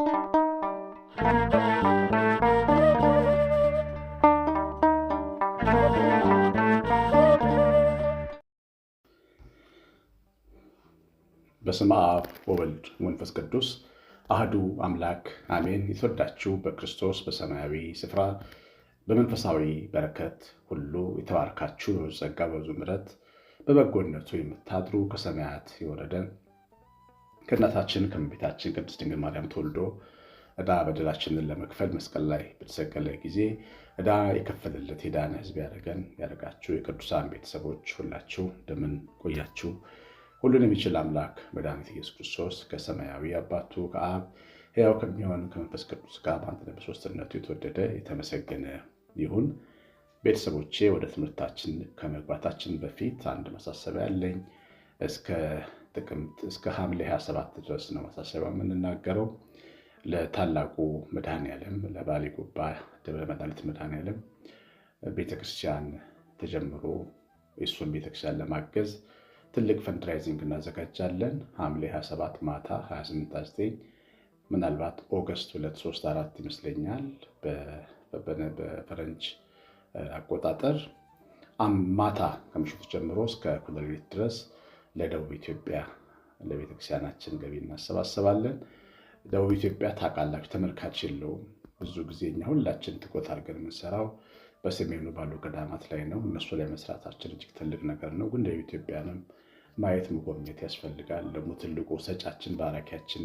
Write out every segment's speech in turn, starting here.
በስመ አብ ወወልድ መንፈስ ቅዱስ አህዱ አምላክ አሜን። የተወዳችሁ በክርስቶስ በሰማያዊ ስፍራ በመንፈሳዊ በረከት ሁሉ የተባረካችሁ በጸጋ በብዙ ምሕረት በበጎነቱ የምታድሩ ከሰማያት የወረደን ከእናታችን ከእመቤታችን ቅድስት ድንግል ማርያም ተወልዶ ዕዳ በደላችንን ለመክፈል መስቀል ላይ በተሰቀለ ጊዜ ዕዳ የከፈለለት የዳነ ሕዝብ ያደረገን ያደረጋችሁ የቅዱሳን ቤተሰቦች ሁላችሁ እንደምን ቆያችሁ? ሁሉን የሚችል አምላክ መድኃኒት ኢየሱስ ክርስቶስ ከሰማያዊ አባቱ ከአብ ሕያው ከሚሆን ከመንፈስ ቅዱስ ጋር በአንድነት በሦስትነቱ የተወደደ የተመሰገነ ይሁን። ቤተሰቦቼ ወደ ትምህርታችን ከመግባታችን በፊት አንድ ማሳሰቢያ አለኝ። እስከ ጥቅምት እስከ ሐምሌ 27 ድረስ ነው ማሳሰቢያው የምንናገረው ለታላቁ መድኃኔዓለም ለባሌ ጉባ ደብረ መድኃኒት መድኃኔዓለም ቤተክርስቲያን ተጀምሮ የእሱን ቤተክርስቲያን ለማገዝ ትልቅ ፈንድራይዚንግ እናዘጋጃለን። ሐምሌ 27 ማታ 289 ምናልባት ኦገስት 234 ይመስለኛል በፈረንጅ አቆጣጠር ማታ ከምሽቱ ጀምሮ እስከ ኩለሌሊት ድረስ ለደቡብ ኢትዮጵያ ለቤተክርስቲያናችን ገቢ እናሰባሰባለን። ደቡብ ኢትዮጵያ ታውቃላችሁ፣ ተመልካች የለውም ብዙ ጊዜ እኛ ሁላችን ትኩረት አድርገን የምንሰራው በሰሜኑ ባሉ ገዳማት ላይ ነው። እነሱ ላይ መስራታችን እጅግ ትልቅ ነገር ነው። ግን ደቡብ ኢትዮጵያንም ማየት መጎብኘት ያስፈልጋል። ደግሞ ትልቁ ሰጫችን ባራኪያችን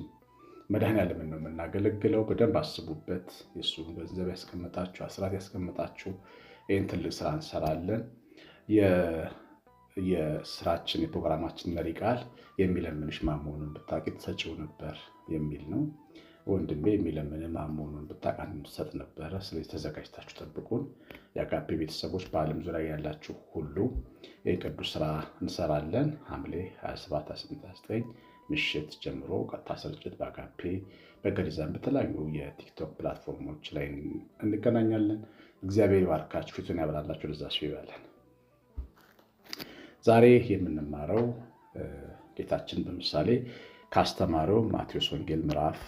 መድኃኔዓለምን ነው የምናገለግለው። በደንብ አስቡበት። የእሱ ገንዘብ ያስቀመጣችሁ አስራት ያስቀመጣችሁ ይህን ትልቅ ስራ እንሰራለን። የስራችን የፕሮግራማችን መሪ ቃል የሚለምንሽ ማሞኑን ብታውቂ ትሰጪው ነበር የሚል ነው። ወንድሜ የሚለምን ማሞኑን ብታቃን ትሰጥ ነበረ። ስለዚህ ተዘጋጅታችሁ ጠብቁን። የአቃቤ ቤተሰቦች በዓለም ዙሪያ ያላችሁ ሁሉ የቅዱስ ስራ እንሰራለን። ሐምሌ 27 29 ምሽት ጀምሮ ቀጥታ ስርጭት በአጋፔ በገሪዛን በተለያዩ የቲክቶክ ፕላትፎርሞች ላይ እንገናኛለን። እግዚአብሔር ይባርካችሁ፣ ፊቱን ያበራላችሁ፣ ለዛ ይበለን። ዛሬ የምንማረው ጌታችን በምሳሌ ካስተማረው ማቴዎስ ወንጌል ምዕራፍ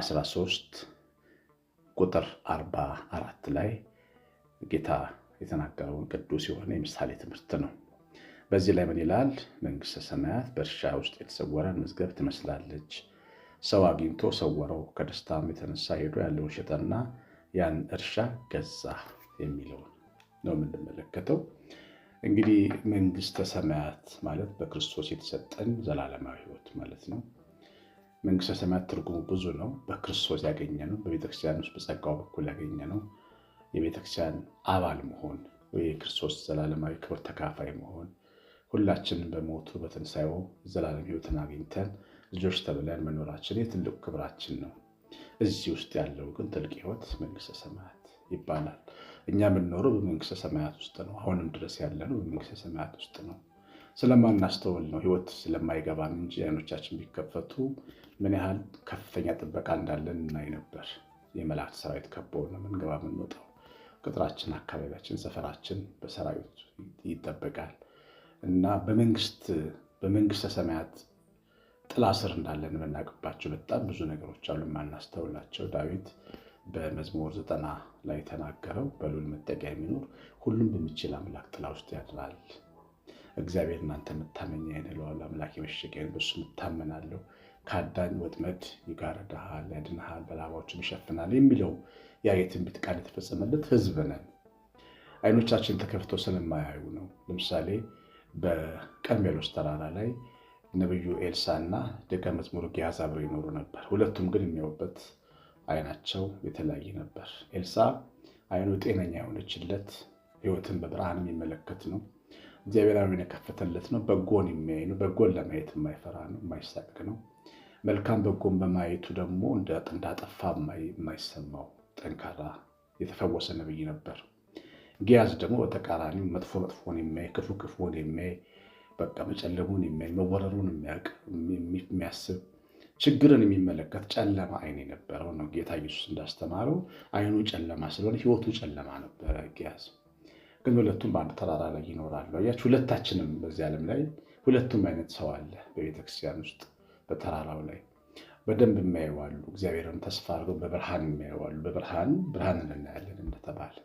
13 ቁጥር 44 ላይ ጌታ የተናገረውን ቅዱስ የሆነ የምሳሌ ትምህርት ነው። በዚህ ላይ ምን ይላል? መንግሥተ ሰማያት በእርሻ ውስጥ የተሰወረን መዝገብ ትመስላለች። ሰው አግኝቶ ሰወረው፣ ከደስታም የተነሳ ሄዶ ያለውን ሸጠና ያን እርሻ ገዛ የሚለውን ነው የምንመለከተው። እንግዲህ መንግስተ ሰማያት ማለት በክርስቶስ የተሰጠን ዘላለማዊ ህይወት ማለት ነው። መንግስተ ሰማያት ትርጉሙ ብዙ ነው። በክርስቶስ ያገኘ ነው። በቤተክርስቲያን ውስጥ በጸጋው በኩል ያገኘ ነው። የቤተክርስቲያን አባል መሆን የክርስቶስ ዘላለማዊ ክብር ተካፋይ መሆን ሁላችንም በሞቱ በትንሣኤው ዘላለም ህይወትን አግኝተን ልጆች ተብለን መኖራችን የትልቁ ክብራችን ነው። እዚህ ውስጥ ያለው ግን ትልቅ ህይወት መንግስተ ሰማያት ይባላል። እኛ የምንኖረው በመንግስተ ሰማያት ውስጥ ነው። አሁንም ድረስ ያለነው በመንግስተ ሰማያት ውስጥ ነው። ስለማናስተውል ነው፣ ህይወት ስለማይገባን እንጂ አይኖቻችን ቢከፈቱ ምን ያህል ከፍተኛ ጥበቃ እንዳለን እናይ ነበር። የመላእክት ሰራዊት ከበው ነው ምንገባ የምንወጣው። ቅጥራችን፣ አካባቢያችን፣ ሰፈራችን በሰራዊት ይጠበቃል እና በመንግስት በመንግስተ ሰማያት ጥላ ስር እንዳለን የምናውቅባቸው በጣም ብዙ ነገሮች አሉ የማናስተውላቸው ዳዊት በመዝሙር ዘጠና ላይ የተናገረው በሉል መጠጊያ የሚኖር ሁሉም በሚችል አምላክ ጥላ ውስጥ ያድራል። እግዚአብሔር እናንተ መታመኛ ነው፣ አምላክ አምላኬ በሱ ምታመናለሁ ከአዳኝ ወጥመድ ይጋርድሃል፣ ያድንሃል፣ በላባዎቹም ይሸፍናል የሚለው ያ የትንቢት ቃል የተፈጸመለት ህዝብ ነን። አይኖቻችን ተከፍተው ስለማያዩ ነው። ለምሳሌ በቀርሜሎስ ተራራ ላይ ነቢዩ ኤልሳ እና ደቀ መዝሙር ጊያዝ አብረው ይኖሩ ነበር። ሁለቱም ግን የሚያውበት አይናቸው የተለያየ ነበር። ኤልሳ አይኑ ጤነኛ የሆነችለት ህይወትን በብርሃን የሚመለከት ነው። እግዚአብሔር የከፈተለት ነው። በጎን የሚያይ ነው። በጎን ለማየት የማይፈራ ነው። የማይሳቅ ነው። መልካም በጎን በማየቱ ደግሞ እንዳጠፋ የማይሰማው ጠንካራ የተፈወሰ ነብይ ነበር። ጊያዝ ደግሞ በተቃራኒ መጥፎ መጥፎን የሚያይ ክፉ ክፉን የሚያይ በቃ መጨለሙን የሚያይ መወረሩን የሚያውቅ የሚያስብ ችግርን የሚመለከት ጨለማ አይን የነበረው ነው። ጌታ ኢየሱስ እንዳስተማረው አይኑ ጨለማ ስለሆነ ህይወቱ ጨለማ ነበረ። ያዝ ግን ሁለቱም በአንድ ተራራ ላይ ይኖራሉ። አያችሁ፣ ሁለታችንም በዚህ ዓለም ላይ ሁለቱም አይነት ሰው አለ። በቤተክርስቲያን ውስጥ በተራራው ላይ በደንብ የሚያየዋሉ እግዚአብሔርን ተስፋ አድርገው በብርሃን የሚያየዋሉ፣ በብርሃን ብርሃንን እናያለን እንደተባለ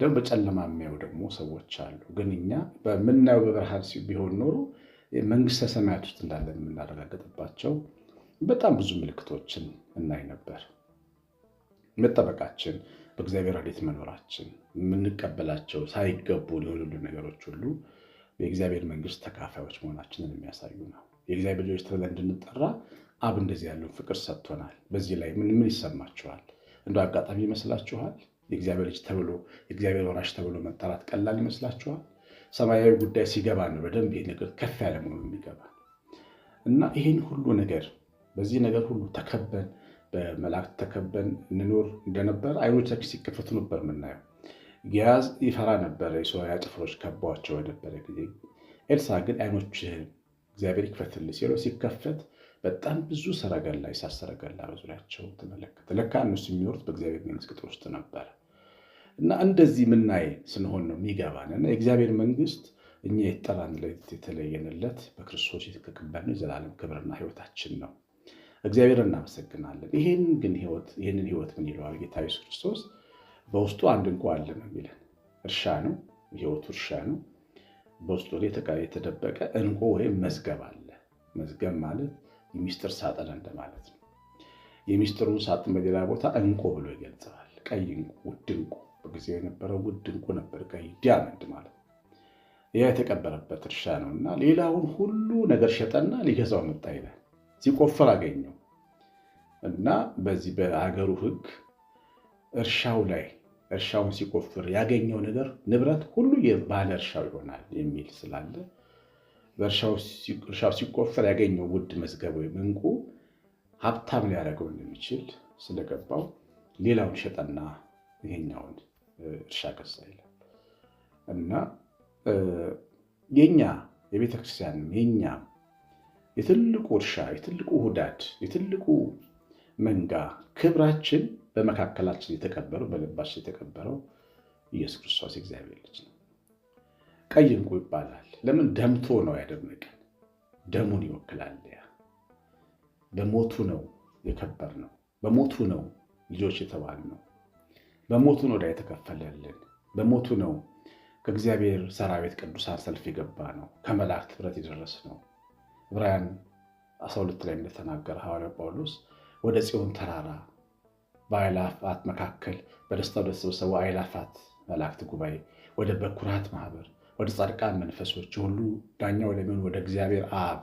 ደግሞ በጨለማ የሚያዩ ደግሞ ሰዎች አሉ። ግን እኛ በምናየው በብርሃን ቢሆን ኖሮ መንግስተ ሰማያት ውስጥ እንዳለን የምናረጋግጥባቸው በጣም ብዙ ምልክቶችን እናይ ነበር። መጠበቃችን፣ በእግዚአብሔር ረድኤት መኖራችን፣ የምንቀበላቸው ሳይገቡ ሊሆኑልን ነገሮች ሁሉ የእግዚአብሔር መንግስት ተካፋዮች መሆናችንን የሚያሳዩ ነው። የእግዚአብሔር ልጆች ተብለን እንድንጠራ አብ እንደዚህ ያለውን ፍቅር ሰጥቶናል። በዚህ ላይ ምን ምን ይሰማችኋል? እንደ አጋጣሚ ይመስላችኋል? የእግዚአብሔር ልጅ ተብሎ የእግዚአብሔር ወራሽ ተብሎ መጠራት ቀላል ይመስላችኋል? ሰማያዊ ጉዳይ ሲገባ ነው በደንብ ይህ ነገር ከፍ ያለ መሆኑ የሚገባ እና ይህን ሁሉ ነገር በዚህ ነገር ሁሉ ተከበን በመላእክት ተከበን እንኖር እንደነበር አይኖቻችን ሲከፈቱ ነበር የምናየው። ጊያዝ ይፈራ ነበረ፣ የሶርያ ጭፍሮች ከባቸው የነበረ ጊዜ። ኤልሳ ግን አይኖችህን እግዚአብሔር ይክፈትልህ ሲለው ሲከፈት በጣም ብዙ ሰረገላ፣ የሳት ሰረገላ በዙሪያቸው ተመለከተ። ለካ እነሱ የሚኖሩት በእግዚአብሔር መንግስት ውስጥ ነበረ። እና እንደዚህ ምናይ ስንሆን ነው የሚገባን እና የእግዚአብሔር መንግስት እኛ የተጠራንለት የተለየንለት በክርስቶስ የተከበርነው የዘላለም ክብርና ህይወታችን ነው። እግዚአብሔር እናመሰግናለን። ይህን ግን ህይወት ይህንን ህይወት ምን ይለዋል ጌታ ኢየሱስ ክርስቶስ? በውስጡ አንድ እንኳ አለ ነው የሚለን። እርሻ ነው ህይወቱ፣ እርሻ ነው። በውስጡ የተደበቀ እንቁ ወይም መዝገብ አለ። መዝገብ ማለት የሚስጥር ሳጥን እንደማለት ነው። የሚስጥሩን ሳጥን በሌላ ቦታ እንቁ ብሎ ይገልጸዋል። ቀይ እንቁ፣ ውድ እንቁ፣ በጊዜ የነበረው ውድ እንቁ ነበር። ቀይ ዲያመንድ ማለት ያ የተቀበረበት እርሻ ነው እና ሌላውን ሁሉ ነገር ሸጠና ሊገዛው መጣ ይላል ሲቆፍር አገኘው እና በዚህ በሀገሩ ህግ እርሻው ላይ እርሻውን ሲቆፍር ያገኘው ነገር ንብረት ሁሉ የባለ እርሻው ይሆናል የሚል ስላለ በእርሻው ሲቆፈር ያገኘው ውድ መዝገብ ወይም እንቁ ሀብታም ሊያደርገው እንደሚችል ስለገባው ሌላውን ሸጠና ይሄኛውን እርሻ ገዛ ይላል እና የኛ የቤተክርስቲያንም የኛም የትልቁ እርሻ፣ የትልቁ ሁዳድ፣ የትልቁ መንጋ ክብራችን በመካከላችን የተቀበረው በልባችን የተቀበረው ኢየሱስ ክርስቶስ እግዚአብሔር ልጅ ነው። ቀይ እንቁ ይባላል። ለምን ደምቶ ነው ያደመቀን? ደሙን ይወክላል። ያ በሞቱ ነው የከበር ነው። በሞቱ ነው ልጆች የተባል ነው። በሞቱ ነው ዕዳ የተከፈለልን። በሞቱ ነው ከእግዚአብሔር ሰራዊት ቅዱሳን ሰልፍ የገባ ነው። ከመላእክት ኅብረት የደረስ ነው። ዕብራውያን 12 ላይ እንደተናገረ ሐዋርያው ጳውሎስ ወደ ጽዮን ተራራ በአይላፋት መካከል በደስታ ወደ ተሰበሰቡ አይላፋት መላእክት ጉባኤ፣ ወደ በኩራት ማህበር፣ ወደ ጻድቃን መንፈሶች ሁሉ ዳኛ ወደሚሆን ወደ እግዚአብሔር አብ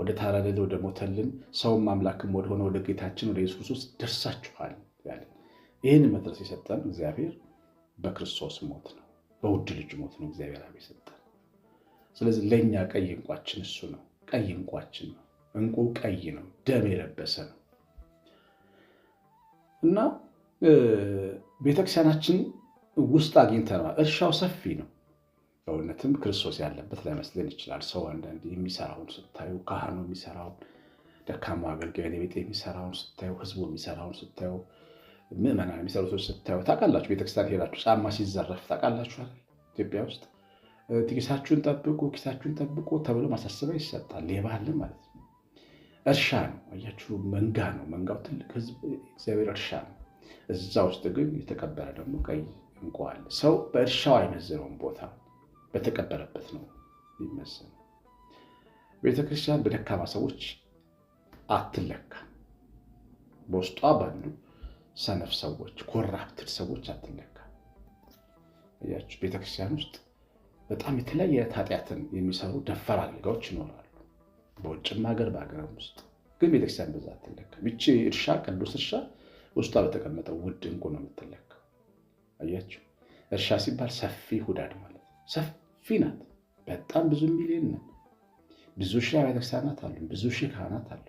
ወደ ታረደልን ወደ ሞተልን ሰውም አምላክም ወደሆነ ወደ ጌታችን ወደ ኢየሱስ ክርስቶስ ደርሳችኋል ያለን። ይህን መድረስ የሰጠን እግዚአብሔር በክርስቶስ ሞት ነው፣ በውድ ልጅ ሞት ነው እግዚአብሔር አብ የሰጠን። ስለዚህ ለእኛ ቀይ እንቋችን እሱ ነው። ቀይ እንቋችን ነው። እንቁ ቀይ ነው፣ ደም የለበሰ ነው እና ቤተክርስቲያናችን ውስጥ አግኝተነዋል። እርሻው ሰፊ ነው። በእውነትም ክርስቶስ ያለበት ላይመስለን ይችላል። ሰው አንዳንድ የሚሰራውን ስታዩ፣ ካህኑ የሚሰራውን ደካማ አገልጋይ ቤት የሚሰራውን ስታዩ፣ ህዝቡ የሚሰራውን ስታዩ፣ ምዕመናን የሚሰሩት ስታዩ ታውቃላችሁ። ቤተክርስቲያን ሄዳችሁ ጫማ ሲዘረፍ ታውቃላችኋል ኢትዮጵያ ውስጥ ኪሳችሁን ጠብቁ፣ ኪሳችሁን ጠብቁ ተብሎ ማሳሰቢያ ይሰጣል። ሌባ አለ ማለት ነው። እርሻ ነው፣ አያችሁ፣ መንጋ ነው። መንጋው ትልቅ ህዝብ እግዚአብሔር እርሻ ነው። እዛ ውስጥ ግን የተቀበረ ደግሞ ቀይ እንቁ አለ። ሰው በእርሻው አይመዝነውም፣ ቦታ በተቀበረበት ነው የሚመዘነው። ቤተክርስቲያን በደካማ ሰዎች አትለካ በውስጧ ባሉ ሰነፍ ሰዎች፣ ኮራፕትድ ሰዎች አትለካ። ቤተክርስቲያን ውስጥ በጣም የተለያየ ኃጢአትን የሚሰሩ ደፋር አገልጋዮች ይኖራሉ፣ በውጭም ሀገር በሀገርም ውስጥ። ግን ቤተክርስቲያን በዛ አትለካም። ይቺ እርሻ ቅዱስ እርሻ ውስጧ በተቀመጠው ውድ እንቁ ነው የምትለካው። አያችሁ፣ እርሻ ሲባል ሰፊ ሁዳድ ማለት ሰፊ ናት። በጣም ብዙ ሚሊዮን ነው። ብዙ ሺህ ቤተክርስቲያናት አሉ፣ ብዙ ሺህ ካህናት አሉ።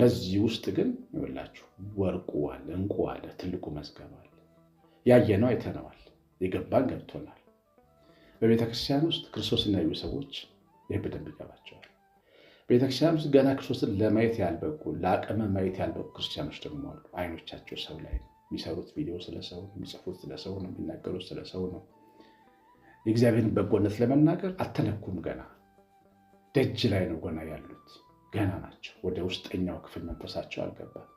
በዚህ ውስጥ ግን ይኸውላችሁ ወርቁ አለ፣ እንቁ አለ፣ ትልቁ መዝገብ አለ። ያየነው አይተነዋል፣ የገባን ገብቶናል። በቤተክርስቲያን ውስጥ ክርስቶስን ያዩ ሰዎች ይህ በደንብ ይገባቸዋል። ቤተክርስቲያን ውስጥ ገና ክርስቶስን ለማየት ያልበቁ ለአቅመ ማየት ያልበቁ ክርስቲያኖች ደግሞ አሉ። አይኖቻቸው ሰው ላይ ነው። የሚሰሩት ቪዲዮ ስለሰው ነው፣ የሚጽፉት ስለሰው ነው፣ የሚናገሩት ስለሰው ነው። የእግዚአብሔርን በጎነት ለመናገር አልተነኩም። ገና ደጅ ላይ ነው ገና ያሉት። ገና ናቸው። ወደ ውስጠኛው ክፍል መንፈሳቸው አልገባም።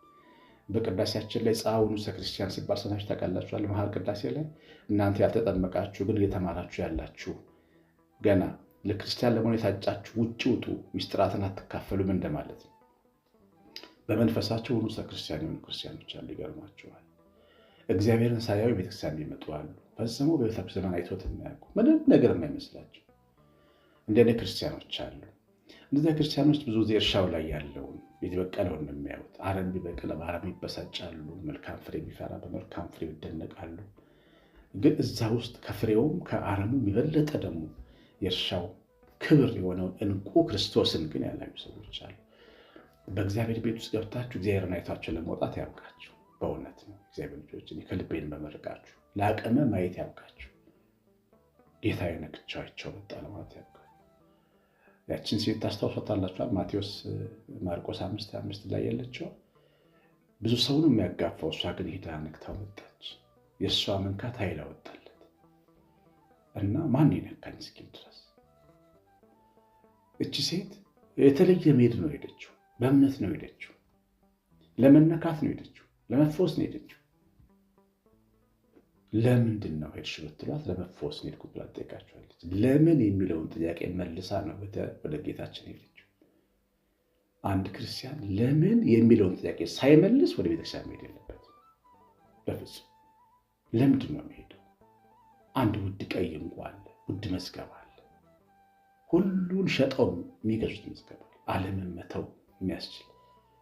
በቅዳሴያችን ላይ ፀሐውን ጻውኑ ክርስቲያን ሲባል ሰናች ታውቃላችኋል። መሀል ቅዳሴ ላይ እናንተ ያልተጠመቃችሁ ግን እየተማራችሁ ያላችሁ ገና ለክርስቲያን ለመሆን የታጫችሁ ውጭ ውጡ፣ ሚስጥራትን አትካፈሉም እንደማለት ነው። በመንፈሳቸው ሁሉ ክርስቲያን የሆኑ ክርስቲያኖች አሉ። ይገርማቸዋል። እግዚአብሔርን ሳያዩ ቤተክርስቲያን የሚመጡ አሉ። ፈጽሞ ዘመን አይቶት የማያውቁ ምንም ነገር የማይመስላቸው እንደኔ ክርስቲያኖች አሉ። እንደዚያ ክርስቲያኖች ብዙ ጊዜ እርሻው ላይ ያለውን የበቀለውን ነው የሚያዩት። አረም ቢበቅል በአረም ይበሳጫሉ። መልካም ፍሬ ቢፈራ በመልካም ፍሬ ይደነቃሉ። ግን እዛ ውስጥ ከፍሬውም ከአረሙ የበለጠ ደግሞ የእርሻው ክብር የሆነውን እንቁ ክርስቶስን ግን ያላዩ ሰዎች አሉ። በእግዚአብሔር ቤት ውስጥ ገብታችሁ እግዚአብሔርን አይታችሁ ለመውጣት ያብቃችሁ። በእውነት ነው እግዚአብሔር ልጆችን ከልቤን በመርቃችሁ ለአቅመ ማየት ያብቃችሁ። ጌታ የነክቻቸው መጣ ለማለት ያብቃ ያችን ሴት ታስታውሷታላችሁ? ማቴዎስ ማርቆስ አምስት አምስት ላይ ያለችው ብዙ ሰውን የሚያጋፋው እሷ ግን ሄዳ ነክታው ወጣች። የእሷ መንካት ኃይል አወጣለት እና ማን ይነካኝ እስኪል ድረስ እቺ ሴት የተለየ መሄድ ነው ሄደችው። በእምነት ነው ሄደችው። ለመነካት ነው ሄደችው። ለመፈወስ ነው ሄደችው። ለምንድን ነው ሄድሽ ብትሏት ለመፈወስ ነው ብላ ትጠይቃቸዋለች። ለምን የሚለውን ጥያቄ መልሳ ነው ወደ ጌታችን ሄደችው። አንድ ክርስቲያን ለምን የሚለውን ጥያቄ ሳይመልስ ወደ ቤተክርስቲያን መሄድ የለበት በፍጹም። ለምንድን ነው የሚሄደው? አንድ ውድ ቀይ እንኳ አለ፣ ውድ መዝገብ አለ። ሁሉን ሸጠው የሚገዙት መዝገብ አለምን መተው የሚያስችል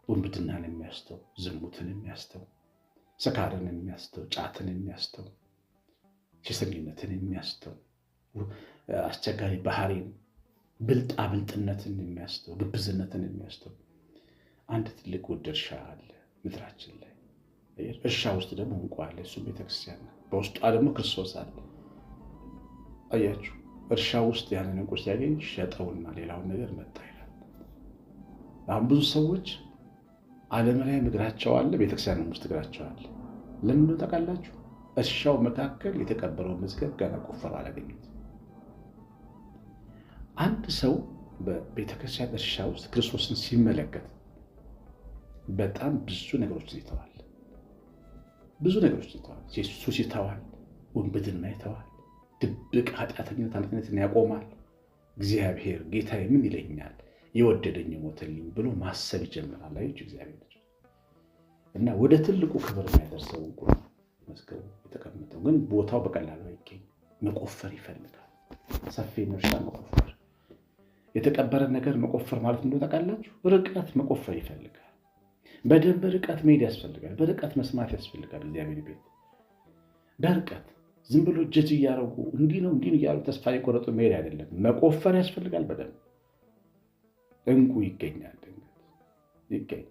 ውንብድናን የሚያስተው ዝሙትን የሚያስተው ስካርን የሚያስተው፣ ጫትን የሚያስተው፣ ሽስኝነትን የሚያስተው፣ አስቸጋሪ ባህሪን፣ ብልጣብልጥነትን የሚያስተው፣ ግብዝነትን የሚያስተው አንድ ትልቅ ውድ እርሻ አለ ምድራችን ላይ። እርሻ ውስጥ ደግሞ እንቁ አለ፣ እሱ ቤተክርስቲያን ነው። በውስጧ ደግሞ ክርስቶስ አለ። አያችሁ፣ እርሻ ውስጥ ያንን እንቁ ሲያገኝ ሸጠውና ሌላውን ነገር መጣ ይላል። አሁን ብዙ ሰዎች ዓለም ላይ እግራቸው አለ፣ ቤተክርስቲያን ውስጥ እግራቸው አለ። ለምን ታውቃላችሁ? እርሻው መካከል የተቀበረውን መዝገብ ገና ቆፍረው አላገኙት። አንድ ሰው በቤተክርስቲያን እርሻ ውስጥ ክርስቶስን ሲመለከት በጣም ብዙ ነገሮች ይተዋል። ብዙ ነገሮች ይተዋል። ኢየሱስ ይተዋል። ውንብድና ይተዋል። ድብቅ ኃጢአተኝነት፣ አመቅነትን ያቆማል። እግዚአብሔር ጌታ ምን ይለኛል የወደደኝ ሞተልኝ ብሎ ማሰብ ይጀምራል። አዮች እግዚአብሔር ልጅ እና ወደ ትልቁ ክብር የሚያደርሰው እንቁ መዝገቡ የተቀመጠው ግን ቦታው በቀላሉ አይገኝ፣ መቆፈር ይፈልጋል። ሰፊ እርሻ መቆፈር፣ የተቀበረ ነገር መቆፈር ማለት እንደ ታውቃላችሁ። ርቀት መቆፈር ይፈልጋል። በደንብ ርቀት መሄድ ያስፈልጋል። በርቀት መስማት ያስፈልጋል። እግዚአብሔር ቤት በርቀት ዝም ብሎ ጀት እያደረጉ እንዲህ ነው እንዲህ እያሉ ተስፋ የቆረጡ መሄድ አይደለም። መቆፈር ያስፈልጋል በደንብ እንቁ ይገኛል ይገኝ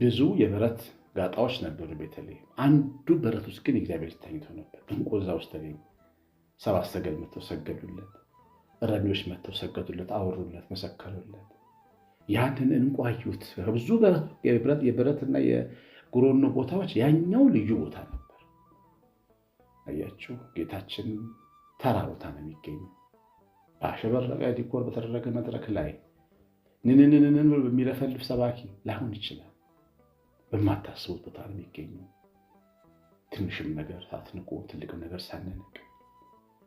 ብዙ የበረት ጋጣዎች ነበሩ ቤተለይ አንዱ በረት ውስጥ ግን እግዚአብሔር ተኝቶ ነበር። እንቁ እዛ ውስጥ ተገኝ ሰባት ሰገል መጥተው ሰገዱለት። ረሚዎች መጥተው ሰገዱለት፣ አወሩለት፣ መሰከሩለት። ያንን እንቁ አዩት። ብዙ የበረትና የጉሮኖ ቦታዎች ያኛው ልዩ ቦታ ነበር። አያችሁ፣ ጌታችን ተራ ቦታ ነው የሚገኘው። በአሸበረቀ ዲኮር በተደረገ መድረክ ላይ ንንንንን በሚለፈልፍ ሰባኪ ላይሆን ይችላል። በማታስቡት ቦታ ነው የሚገኙ። ትንሽም ነገር ሳትንቁ ትልቅም ነገር ሳንንቅ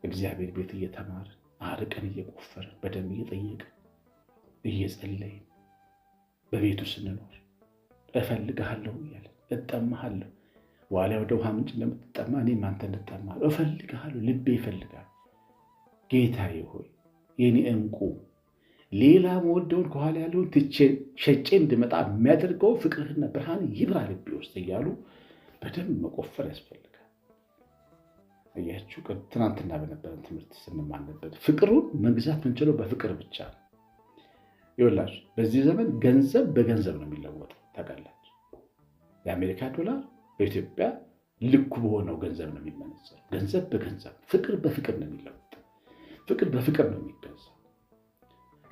እግዚአብሔር ቤት እየተማርን አርቀን እየቆፈርን በደንብ እየጠየቅን እየጸለይን በቤቱ ስንኖር እፈልግሃለሁ እያለን እጠማሃለሁ። ዋልያ ወደ ውሃ ምንጭ እንደምትጠማ እኔም አንተ እንድጠማ እፈልግሃለሁ። ልቤ ይፈልጋል ጌታዬ ሆይ የኔ እንቁ ሌላ መወደውን ከኋላ ያለውን ትቼ ሸጬ እንድመጣ የሚያደርገው ፍቅርህና ብርሃን ይብራ ልቤ ውስጥ እያሉ በደንብ መቆፈር ያስፈልጋል። እያችሁ ትናንትና በነበረን ትምህርት ስንማለበት ፍቅሩን መግዛት ምንችለው በፍቅር ብቻ ነው። በዚህ ዘመን ገንዘብ በገንዘብ ነው የሚለወጠው። ታውቃላችሁ፣ የአሜሪካ ዶላር በኢትዮጵያ ልኩ በሆነው ገንዘብ ነው የሚመነዘረው። ገንዘብ በገንዘብ ፍቅር በፍቅር ነው የሚለወጠው። ፍቅር በፍቅር ነው የሚገዛ።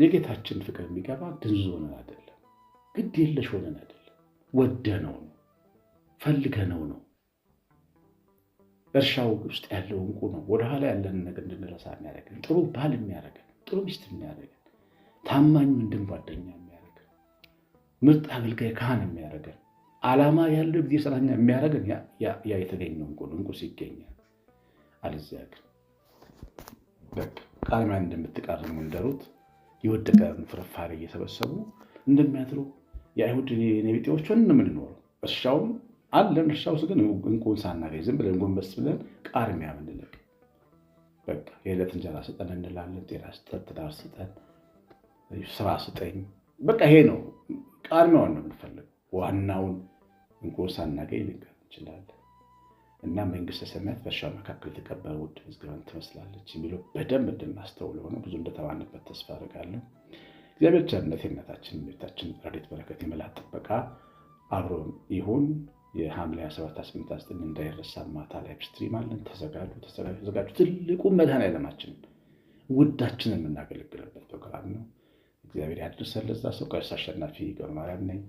የጌታችን ፍቅር የሚገባ ድንዙ ሆነን አይደለም፣ ግድ የለሽ ሆነን አይደለም፣ ወደ ነው ነው ፈልገ ነው። ነው እርሻው ውስጥ ያለው እንቁ ነው። ወደኋላ ያለን ነገር እንድንረሳ የሚያደርገን ጥሩ ባል የሚያደርገን ጥሩ ሚስት የሚያደርገን ታማኝ ወንድም ጓደኛ የሚያደርገን ምርጥ አገልጋይ ካህን የሚያደርገን ዓላማ ያለው ጊዜ ሰራኛ የሚያደርገን ያ የተገኘው እንቁ ነው። እንቁ ሲገኛል አለዚያ ግን ቃሪማን እንደምትቃርም እንደሩት የወደቀን ፍርፋሪ እየሰበሰቡ እንደሚያድሩ የአይሁድ ነቢጤዎች ሆነን የምንኖሩ እርሻውም አለን። እርሻ ውስጥ ግን እንቁን ሳናገኝ ዝም ብለን ጎንበስ ብለን ቃርሚያ ምንልቅ በቃ የዕለት እንጀራ ስጠን እንላለን። ጤና ስጠን፣ ትዳር ስጠን፣ ስራ ስጠኝ። በቃ ይሄ ነው ቃርሚያውን ነው የምንፈልግ። ዋናውን እንቁን ሳናገኝ ልንገር እንችላለን። እና መንግስተ ሰማያት በእርሻ መካከል የተቀበረ ውድ መዝገበን ትመስላለች የሚለው በደንብ እንድናስተውለው ነው። ብዙ እንደተባንበት ተስፋ አድርጋለሁ። እግዚአብሔር ቸርነት የእናታችን ቤታችን ረድኤት በረከት የመላእክት ጥበቃ አብሮን ይሁን። የሐምሌ 27 እንዳይረሳ ማታ ላይ ስትሪም አለን። ተዘጋጁ ተዘጋጁ። ትልቁ መድኃኔዓለማችን ውዳችንን የምናገለግልበት ፕሮግራም ነው። እግዚአብሔር ያድርሰን ለዛ ሰው። ቀሲስ አሸናፊ ገብረማርያም ነኝ።